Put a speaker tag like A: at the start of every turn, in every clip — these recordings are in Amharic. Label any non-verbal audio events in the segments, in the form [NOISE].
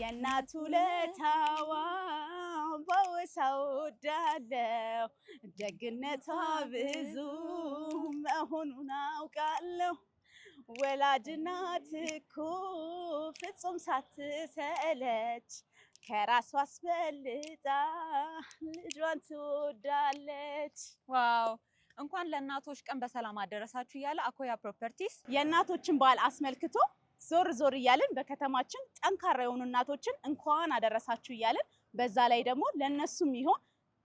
A: የእናቱ ለታዋ በውሳው ዳለው ደግነቷ ብዙ መሆኑን አውቃለሁ። ወላድናት እኮ ፍጹም ሳትሰለች ከራሷ አስበልጣ ልጇን ትወዳለች።
B: ዋው! እንኳን ለእናቶች ቀን በሰላም አደረሳችሁ እያለ አኮያ ፕሮፐርቲስ
C: የእናቶችን በዓል አስመልክቶ ዞር ዞር እያለን በከተማችን ጠንካራ የሆኑ እናቶችን እንኳን አደረሳችሁ እያለን በዛ ላይ ደግሞ ለእነሱም ይሆን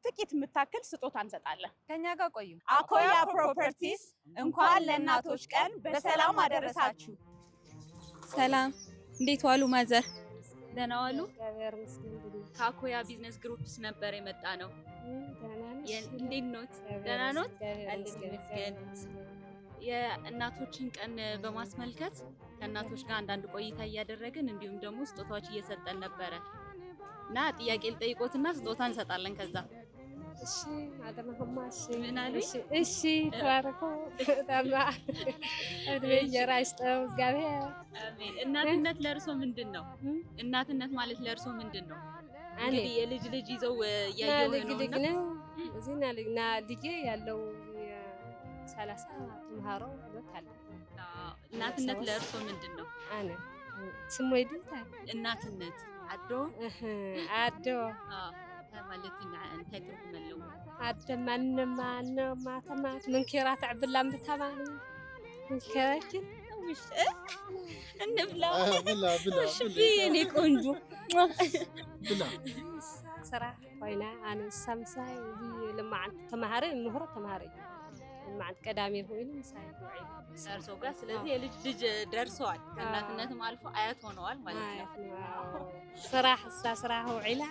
C: ጥቂት የምታክል ስጦታ እንሰጣለን።
B: ከኛ ጋር ቆዩ።
C: አኮያ ፕሮፐርቲስ እንኳን ለእናቶች ቀን በሰላም አደረሳችሁ።
D: ሰላም፣ እንዴት ዋሉ ማዘር?
B: ደህና ዋሉ። ከአኮያ ቢዝነስ ግሩፕስ ነበር የመጣ ነው። እንዴት ኖት? ደህና ኖት? የእናቶችን ቀን በማስመልከት ከእናቶች ጋር አንዳንድ ቆይታ እያደረግን እንዲሁም ደግሞ ስጦታዎች እየሰጠን ነበረ እና ጥያቄ ልጠይቆትና ስጦታ እንሰጣለን። ከዛ
E: እሺ አደማማ እሺ ምናሉ እሺ ተባረኩ
B: እናትነት ለእርሶ ምንድን ነው? እናትነት ማለት ለእርሶ ምንድን ነው? እንግዲህ የልጅ ልጅ ይዘው እያየሁ
E: ነው። እዚህና ልጄ ያለው ሰላሳ ተምሃሮ አለ
B: እናትነት ለእርሶ ምንድን ነው? አነ
E: ስሙ ይድንታል
B: እናትነት አዶ አዶ ማለት እንታይ ትርጉም ኣለዎ?
E: ኣደ ማንማ ማተማ ምንኬራ ትዕብላ ምብታማ ምንኬራችን እንብላ ብላ ቆንጆ ብላ ስራሕ ኮይና ኣነ ሳምሳይ ልማዓንቲ ተምሃሪ ምሁሮ ተምሃሪ እዩ ማዕድ ቀዳሚ ሆይንም ሳይ
B: ደርሰው ጋር ስለዚህ የልጅ ልጅ ደርሰዋል። ከእናትነትም አልፎ አያት ሆነዋል ማለት ነው።
E: ስራሕ እሳ ስራሕ ውዒላ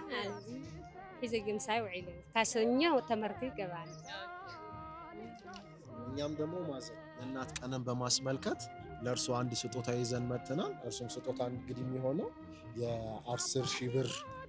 E: ሒዚ ግምሳይ ውዒለ ካሰኞ ተመርቲ ይገባል።
F: እኛም ደግሞ ማዘን የእናት ቀንን በማስመልከት ለእርሱ አንድ ስጦታ ይዘን መጥተናል። እርሱም ስጦታ እንግዲህ የሚሆነው የአስር ሺህ ብር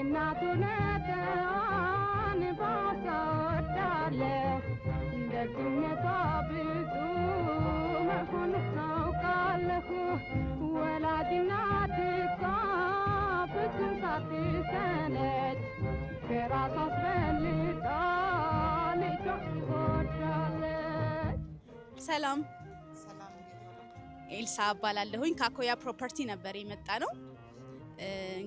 A: የእናቱ ነጠዋን ባሳወዳለሁ ደግነቷ ብዙ መሆኑ ታውቃለሁ ወላጅ እናትኳ ፍጹም ሳትሰለች ከራሷ አስፈልጣ ልጇ ወዳለች።
B: ሰላም ኤልሳ እባላለሁኝ። ካኮያ ፕሮፐርቲ ነበር የመጣ ነው።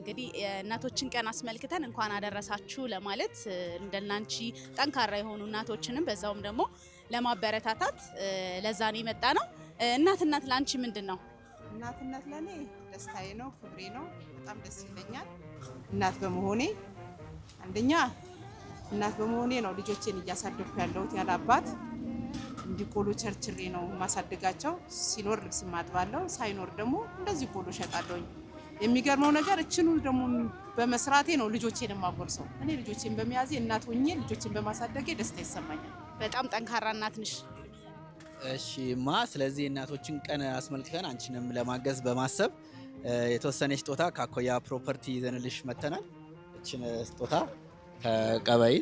B: እንግዲህ የእናቶችን ቀን አስመልክተን እንኳን አደረሳችሁ ለማለት እንደናንቺ ጠንካራ የሆኑ እናቶችንም በዛውም ደግሞ ለማበረታታት ለዛኔ የመጣ ነው። እናትናት ለአንቺ ምንድን ነው?
G: እናትነት ለእኔ ደስታዬ ነው፣ ክብሬ ነው። በጣም ደስ ይለኛል እናት በመሆኔ። አንደኛ እናት በመሆኔ ነው ልጆቼን እያሳደግኩ ያለሁት ያለ አባት እንዲህ ቆሎ ቸርችሬ ነው የማሳድጋቸው። ሲኖር ልብስ ማጥባለሁ፣ ሳይኖር ደግሞ እንደዚህ ቆሎ እሸጣለሁኝ። የሚገርመው ነገር እችኑ ደግሞ በመስራቴ ነው ልጆቼን የማጎርሰው። እኔ ልጆቼን በመያዜ እናት ሆኜ ልጆቼን በማሳደጌ ደስታ ይሰማኛል።
B: በጣም ጠንካራ እናት ነሽ።
F: እሺ ማ ስለዚህ እናቶችን ቀን አስመልክተን አንቺንም ለማገዝ በማሰብ የተወሰነ ስጦታ ከአኮያ ፕሮፐርቲ ይዘንልሽ መተናል። እችን ስጦታ ተቀበይ።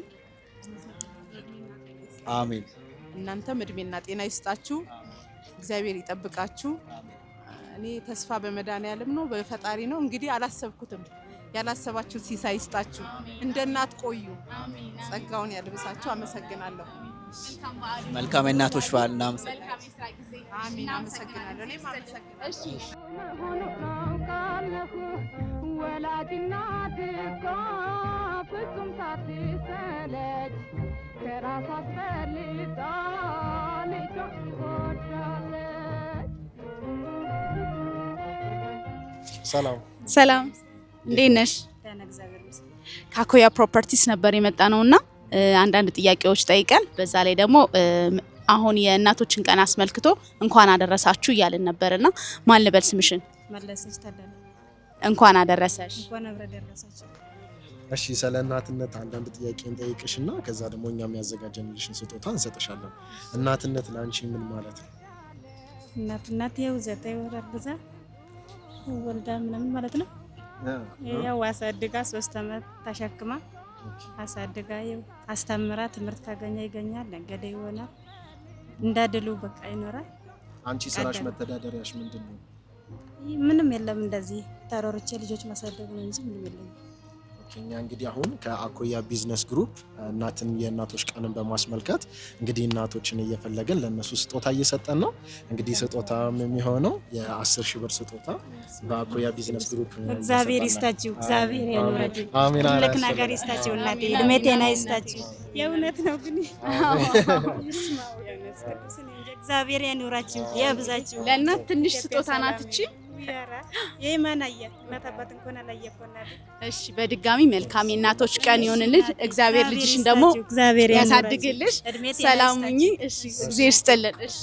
F: አሜን።
G: እናንተም እድሜና ጤና ይስጣችሁ፣ እግዚአብሔር ይጠብቃችሁ። እኔ ተስፋ በመድኃኒዓለም ነው በፈጣሪ ነው። እንግዲህ አላሰብኩትም። ያላሰባችሁ ሲሳይ ይስጣችሁ፣ እንደ እናት ቆዩ፣ ጸጋውን ያልብሳችሁ። አመሰግናለሁ።
H: መልካም የእናቶች በዓል ነው። አሜን።
G: አመሰግናለሁ። እኔም አመሰግናለሁ።
F: ሰላም
B: ሰላም፣ እንዴት ነሽ? ካኮያ ፕሮፐርቲስ ነበር የመጣ ነውና አንዳንድ ጥያቄዎች ጠይቀን በዛ ላይ ደግሞ አሁን የእናቶችን ቀን አስመልክቶ እንኳን አደረሳችሁ እያልን ነበርና ማን ልበል ስምሽን? እንኳን አደረሰሽ።
F: እሺ ስለ እናትነት አንዳንድ ጥያቄ እንጠይቅሽ እና ከዛ ደግሞ እኛ የሚያዘጋጀንልሽን ስጦታ እንሰጥሻለን። እናትነት ለአንቺ ምን ማለት ነው?
E: እናትነት ይኸው ዘጠኝ ወር አርግዛ ወልዳ ምናምን ማለት ነው። ያው አሳድጋ ሶስት አመት ተሸክማ አሳድጋ አስተምራ ትምህርት ካገኘ ይገኛል፣ ነገደ ይሆናል፣ እንዳድሉ በቃ ይኖራል።
F: አንቺ ስራሽ መተዳደሪያሽ ምንድን ነው?
E: ምንም የለም። እንደዚህ ተሮርቼ ልጆች ማሳደግ ነው እንጂ ምንም የለም።
F: እኛ እንግዲህ አሁን ከአኮያ ቢዝነስ ግሩፕ እናትን የእናቶች ቀንን በማስመልከት እንግዲህ እናቶችን እየፈለግን ለእነሱ ስጦታ እየሰጠን ነው። እንግዲህ ስጦታ የሚሆነው የአስር ሺህ ብር ስጦታ በአኮያ ቢዝነስ ግሩፕ
E: እግዚአብሔር ይስታችሁ፣ እግዚአብሔር
F: ያኑራችሁ፣
E: ነገር ይስጣችሁ፣ እናቴ እድሜ ጤና የእውነት ነው ግን እግዚአብሔር ያኑራችሁ፣ ያብዛችሁ።
B: ለእናት ትንሽ ስጦታ ናት እቺ እሺ በድጋሚ መልካም የእናቶች ቀን ይሁንልሽ። እግዚአብሔር ልጅሽን ደግሞ ያሳድግልሽ። ሰላም እሺ እግዚአብሔር ይስጥልን። እሺ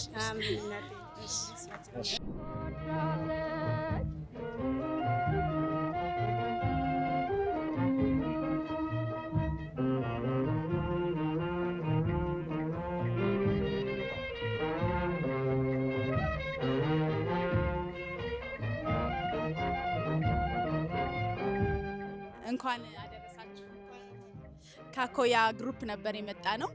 B: እንኳን አደረሳችሁ። ካኮያ ግሩፕ ነበር የመጣ ነው።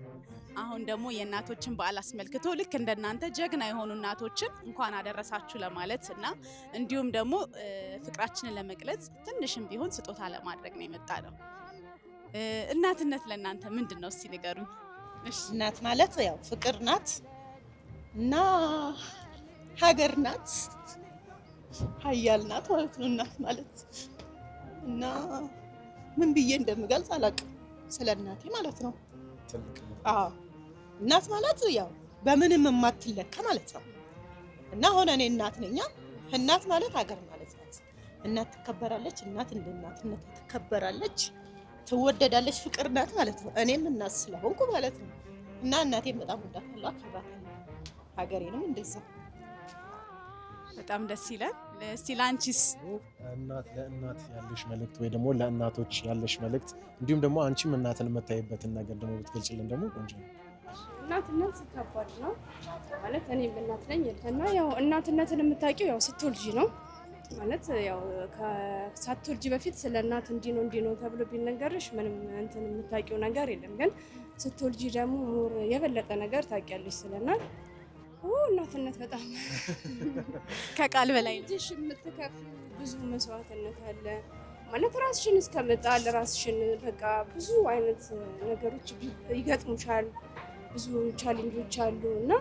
B: አሁን ደግሞ የእናቶችን በዓል አስመልክቶ ልክ እንደናንተ ጀግና የሆኑ እናቶችን እንኳን አደረሳችሁ ለማለት እና እንዲሁም ደግሞ ፍቅራችንን ለመግለጽ ትንሽም ቢሆን ስጦታ ለማድረግ ነው የመጣ ነው። እናትነት ለእናንተ ምንድን ነው? እስቲ ንገሩኝ።
G: እናት ማለት ያው ፍቅር ናት እና ሀገር ናት፣ ሀያል ናት ማለት ነው እናት ማለት እና ምን ብዬ እንደምገልጽ አላውቅም። ስለ እናቴ ማለት ነው። እናት ማለት ያው በምንም የማትለካ ማለት ነው። እና ሆነ እኔ እናት ነኛ። እናት ማለት ሀገር ማለት ናት። እናት ትከበራለች። እናት እንደ እናትነት ትከበራለች፣ ትወደዳለች። ፍቅር ናት ማለት ነው። እኔም እናት ስለሆንኩ ማለት ነው። እና እናቴም በጣም ወዳታለሁ፣ አከብራታለሁ። ሀገሬንም እንደዛ
B: በጣም ደስ ይላል። እስቲ ላንቺስ
F: እናት ለእናት ያለሽ መልእክት ወይ ደግሞ ለእናቶች ያለሽ መልእክት እንዲሁም ደግሞ አንቺም እናትን የምታይበትን ነገር ደግሞ ብትገልጭልን ደግሞ ቆንጆ ነው።
E: እናትነት ከባድ ነው ማለት እኔም እናት ነኝ እና ያው እናትነትን የምታውቂው ያው ስትወልጂ ነው ማለት ያው ከሳትወልጂ በፊት ስለ እናት እንዲህ ነው እንዲህ ነው ተብሎ ቢነገርሽ ምንም እንትን የምታውቂው ነገር የለም። ግን ስትወልጂ ደግሞ ሙር የበለጠ ነገር ታውቂያለሽ ስለ እናት እናትነት በጣም
B: [LAUGHS] ከቃል በላይ
E: ልጅሽ የምትከፍ ብዙ መስዋዕትነት አለ ማለት ራስሽን እስከመጣል ራስሽን በቃ ብዙ አይነት ነገሮች ይገጥሙሻል። ብዙ ቻሌንጆች አሉ እና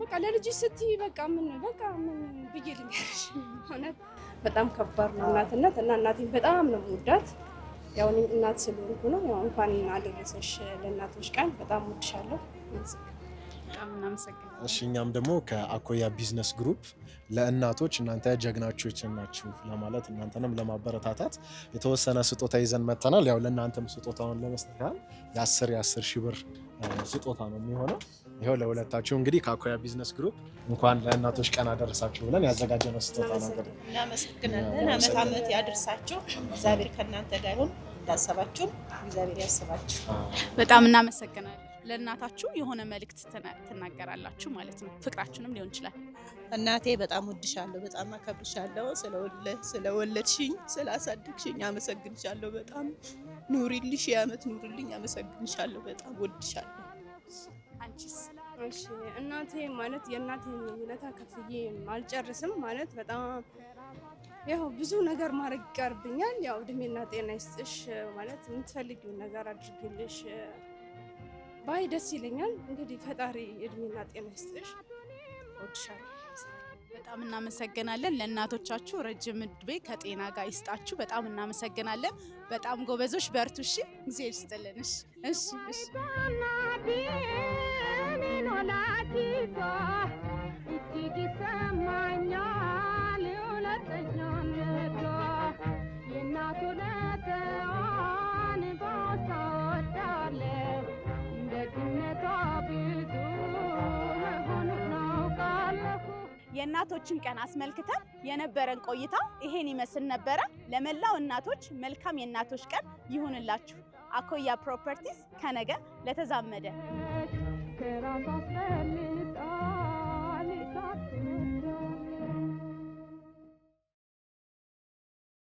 E: በቃ ለልጅሽ ስትይ በቃ ምን በቃ ምን ብዬ ልንገርሽ፣ እውነት በጣም ከባድ ነው እናትነት እና እናቴን በጣም ነው የምወዳት። ያው እናት ስለሆንኩ ነው። ያው እንኳን አደረሰሽ ለእናቶች ቀን። በጣም እወድሻለሁ።
F: እሺ እኛም ደግሞ ከአኮያ ቢዝነስ ግሩፕ ለእናቶች እናንተ ጀግናቾች ናችሁ ለማለት እናንተንም ለማበረታታት የተወሰነ ስጦታ ይዘን መተናል። ያው ለእናንተም ስጦታውን ለመስጠት የአስር የአስር ሺህ ብር ስጦታ ነው የሚሆነው። ይኸው ለሁለታችሁ እንግዲህ ከአኮያ ቢዝነስ ግሩፕ እንኳን ለእናቶች ቀን አደረሳችሁ ብለን ያዘጋጀነው ስጦታ ነገር
E: እናመሰግናለን። አመት አመት ያደርሳችሁ። እግዚአብሔር ከእናንተ ጋር ይሁን። እንዳሰባችሁም እግዚአብሔር ያስባችሁ።
B: በጣም እናመሰግናለን። ለእናታችሁ የሆነ መልእክት ትናገራላችሁ ማለት ነው። ፍቅራችሁንም ሊሆን ይችላል።
E: እናቴ በጣም ወድሻለሁ፣ በጣም አከብርሻለሁ። ስለወለድሽኝ ስላሳደግሽኝ አመሰግንሻለሁ። በጣም ኑሪልሽ፣ የአመት ኑሪልኝ። አመሰግንሻለሁ፣ በጣም ወድሻለሁ። አንቺስ? እሺ እናቴ ማለት የእናቴ ውለታ ከፍዬ አልጨርስም ማለት በጣም ያው ብዙ ነገር ማድረግ ይቀርብኛል። ያው እድሜና ጤና ይስጥሽ ማለት የምትፈልጊውን ነገር አድርግልሽ ባይ ደስ ይለኛል። እንግዲህ ፈጣሪ እድሜና ጤና ይስጥሽ። እወድሻለሁ።
B: በጣም እናመሰግናለን። ለእናቶቻችሁ ረጅም እድሜ ከጤና ጋር ይስጣችሁ። በጣም እናመሰግናለን። በጣም ጎበዞች፣ በርቱ። እሺ፣ ጊዜ ይስጥልንሽ። እሺ፣ እሺ። የእናቶችን ቀን አስመልክተን የነበረን ቆይታ ይሄን ይመስል ነበረ። ለመላው እናቶች መልካም የእናቶች ቀን ይሁንላችሁ። አኮያ ፕሮፐርቲስ ከነገ ለተዛመደ